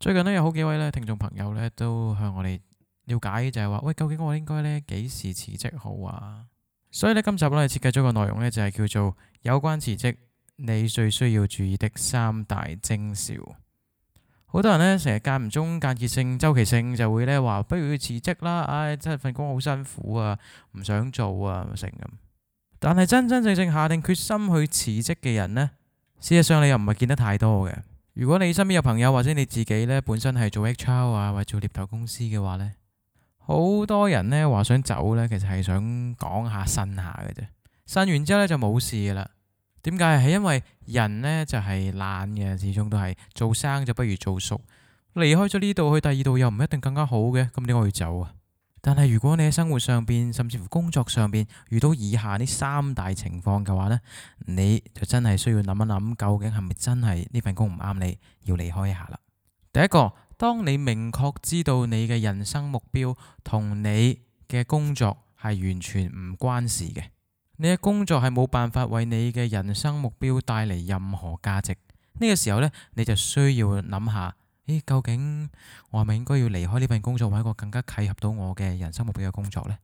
最近呢有好幾位呢聽眾朋友呢都向我哋了解，就係話喂，究竟我應該呢幾時辭職好啊？所以呢，今集我哋設計咗個內容呢就係叫做有關辭職你最需要注意的三大徵兆。好多人呢，成日間唔中、間歇性、周期性就會呢話不如去辭職啦，唉、哎，真係份工好辛苦啊，唔想做啊，成咁。但係真真正正下定決心去辭職嘅人呢，事實上你又唔係見得太多嘅。如果你身邊有朋友，或者你自己呢本身係做 HR 啊，或者做獵頭公司嘅話呢，好多人呢話想走呢，其實係想講下呻下嘅啫。呻完之後呢，就冇事啦。點解？係因為人呢就係懶嘅，始終都係做生就不如做熟。離開咗呢度去第二度又唔一定更加好嘅，咁點解要走啊？但係如果你喺生活上邊，甚至乎工作上邊遇到以下呢三大情況嘅話呢，你就真係需要諗一諗，究竟係咪真係呢份工唔啱你，要離開一下啦。第一個，當你明確知道你嘅人生目標同你嘅工作係完全唔關事嘅，你嘅工作係冇辦法為你嘅人生目標帶嚟任何價值，呢個時候呢，你就需要諗下。咦？究竟我係咪應該要離開呢份工作，揾一個更加契合到我嘅人生目標嘅工作呢？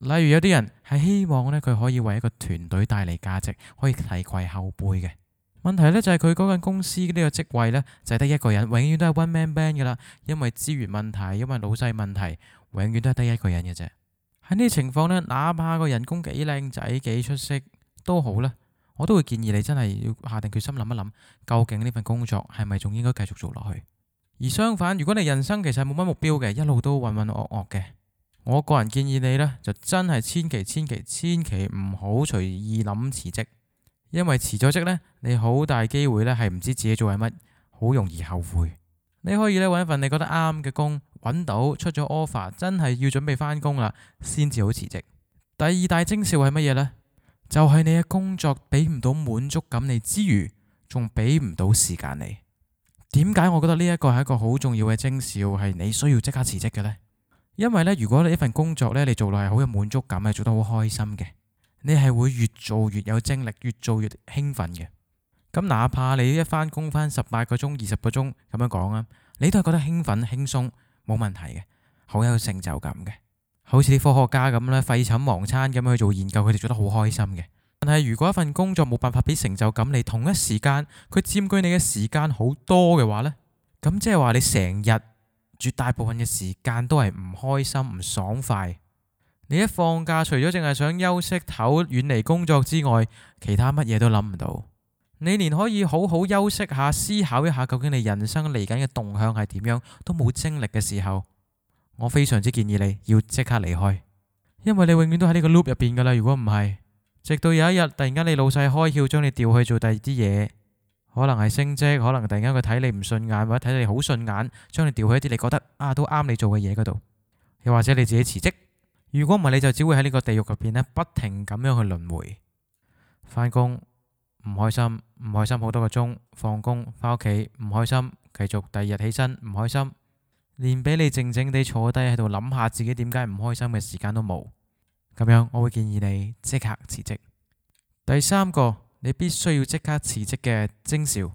例如有啲人係希望呢，佢可以為一個團隊帶嚟價值，可以提携後輩嘅問題呢，就係佢嗰間公司呢個職位呢，就係得一個人，永遠都係 one man band 噶啦因為資源問題，因為老細問題，永遠都係得一個人嘅啫。喺呢啲情況呢，哪怕個人工幾靚仔幾出色都好啦，我都會建議你真係要下定決心諗一諗，究竟呢份工作係咪仲應該繼續做落去？而相反，如果你人生其實冇乜目標嘅，一路都渾渾噩噩嘅，我個人建議你呢，就真係千祈千祈千祈唔好隨意諗辭職，因為辭咗職呢，你好大機會呢係唔知自己做緊乜，好容易後悔。你可以呢揾一份你覺得啱嘅工，揾到出咗 offer，真係要準備返工啦，先至好辭職。第二大徵兆係乜嘢呢？就係你嘅工作俾唔到滿足感你之餘，仲俾唔到時間你。點解我覺得呢一個係一個好重要嘅徵兆，係你需要即刻辭職嘅呢？因為呢，如果你一份工作呢，你做落係好有滿足感，係做得好開心嘅，你係會越做越有精力，越做越興奮嘅。咁哪怕你一翻工翻十八個鐘、二十個鐘咁樣講啊，你都係覺得興奮、輕鬆，冇問題嘅，好有成就感嘅。好似啲科學家咁呢，廢寢忘餐咁樣去做研究，佢哋做得好開心嘅。但係如果一份工作冇辦法俾成就感，你同一時間佢佔據你嘅時間好多嘅話呢，咁即係話你成日絕大部分嘅時間都係唔開心、唔爽快。你一放假，除咗淨係想休息、唞、遠離工作之外，其他乜嘢都諗唔到。你連可以好好休息下、思考一下究竟你人生嚟緊嘅動向係點樣，都冇精力嘅時候，我非常之建議你要即刻離開，因為你永遠都喺呢個 loop 入邊噶啦。如果唔係，直到有一日，突然間你老細開竅，將你調去做第二啲嘢，可能係升職，可能突然間佢睇你唔順眼，或者睇你好順眼，將你調去一啲你覺得啊都啱你做嘅嘢嗰度，又或者你自己辭職。如果唔係，你就只會喺呢個地獄入邊咧，不停咁樣去輪迴，翻工唔開心，唔開心好多個鐘，放工翻屋企唔開心，繼續第二日起身唔開心，連俾你靜靜地坐低喺度諗下自己點解唔開心嘅時間都冇。咁樣，我會建議你即刻辭職。第三個，你必須要即刻辭職嘅徵兆，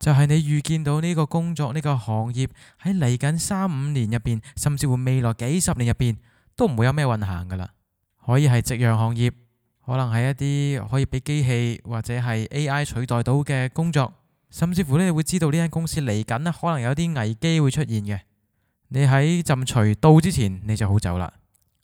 就係、係、你預見到呢個工作呢、呢個行業喺嚟緊三五年入邊，甚至乎未來幾十年入邊都唔會有咩運行噶啦。可以係夕陽行業，可能係一啲可以俾機器或者係 AI 取代到嘅工作，甚至乎你會知道呢間公司嚟緊可能有啲危機會出現嘅。你喺浸除到之前，你就好走啦。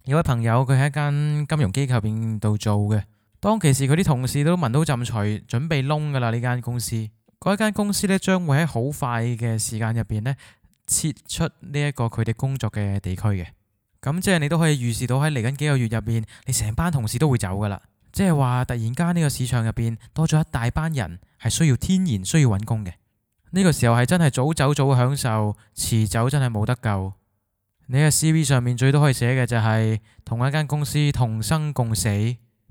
有位朋友佢喺一間金融機構邊度做嘅，當其時佢啲同事都聞到浸水，準備窿噶啦呢間公司。嗰一間公司呢，將會喺好快嘅時間入邊呢，撤出呢一個佢哋工作嘅地區嘅。咁即係你都可以預示到喺嚟緊幾個月入邊，你成班同事都會走噶啦。即係話突然間呢個市場入邊多咗一大班人係需要天然需要搵工嘅。呢個時候係真係早走早享受，遲走真係冇得救。你嘅 CV 上面最多可以寫嘅就係同一間公司同生共死，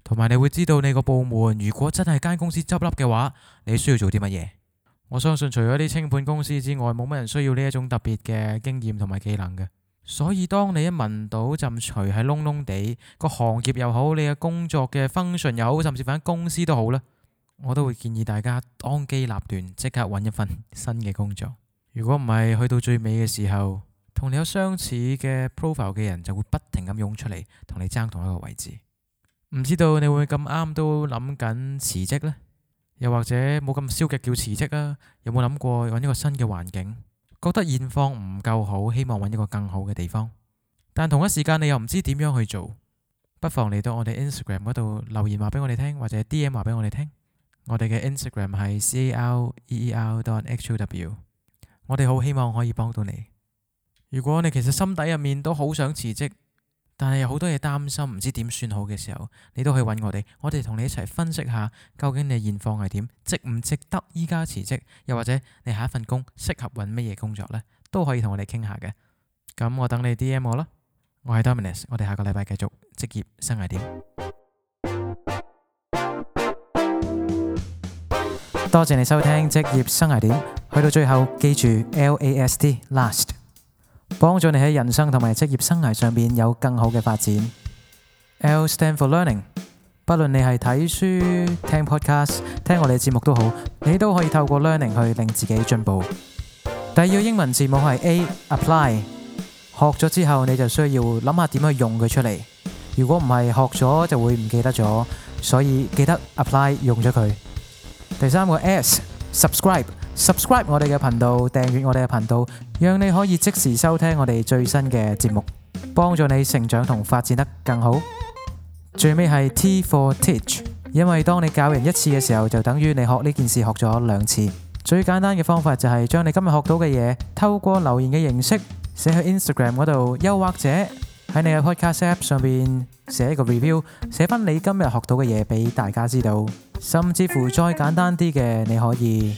同埋你會知道你個部門如果真係間公司執笠嘅話，你需要做啲乜嘢？我相信除咗啲清盤公司之外，冇乜人需要呢一種特別嘅經驗同埋技能嘅。所以當你一聞到浸除喺窿窿地，個行業又好，你嘅工作嘅 function 又好，甚至份公司都好啦，我都會建議大家當機立斷，即刻揾一份新嘅工作。如果唔係去到最尾嘅時候。同你有相似嘅 profile 嘅人就會不停咁湧出嚟，同你爭同一個位置。唔知道你會唔會咁啱都諗緊辭職呢？又或者冇咁消極叫辭職啊？有冇諗過揾一個新嘅環境？覺得現況唔夠好，希望揾一個更好嘅地方。但同一時間你又唔知點樣去做，不妨嚟到我哋 Instagram 嗰度留言話俾我哋聽，或者 DM 話俾我哋聽。我哋嘅 Instagram 係 Career.how。我哋好希望可以幫到你。如果你其實心底入面都好想辭職，但係有好多嘢擔心，唔知點算好嘅時候，你都可以揾我哋，我哋同你一齊分析下究竟你現況係點，值唔值得依家辭職，又或者你下一份工適合揾乜嘢工作呢，都可以同我哋傾下嘅。咁我等你 D M 我啦，我係 Dominus，我哋下個禮拜繼續職業生涯點。多謝你收聽職業生涯點，去到最後記住 L A S T last。幫助你喺人生同埋職業生涯上面有更好嘅發展。L stand for learning，不論你係睇書、聽 podcast、聽我哋嘅節目都好，你都可以透過 learning 去令自己進步。第二英文字母係 A，apply。學咗之後，你就需要諗下點去用佢出嚟。如果唔係，學咗就會唔記得咗，所以記得 apply 用咗佢。第三個 S，subscribe。subscribe 我哋嘅頻道，訂閱我哋嘅頻道，讓你可以即時收聽我哋最新嘅節目，幫助你成長同發展得更好。最尾係 T for Teach，因為當你教人一次嘅時候，就等於你學呢件事學咗兩次。最簡單嘅方法就係將你今日學到嘅嘢透過留言嘅形式寫去 Instagram 嗰度，又或者喺你嘅 Podcast App 上面寫一個 review，寫翻你今日學到嘅嘢俾大家知道。甚至乎再簡單啲嘅，你可以。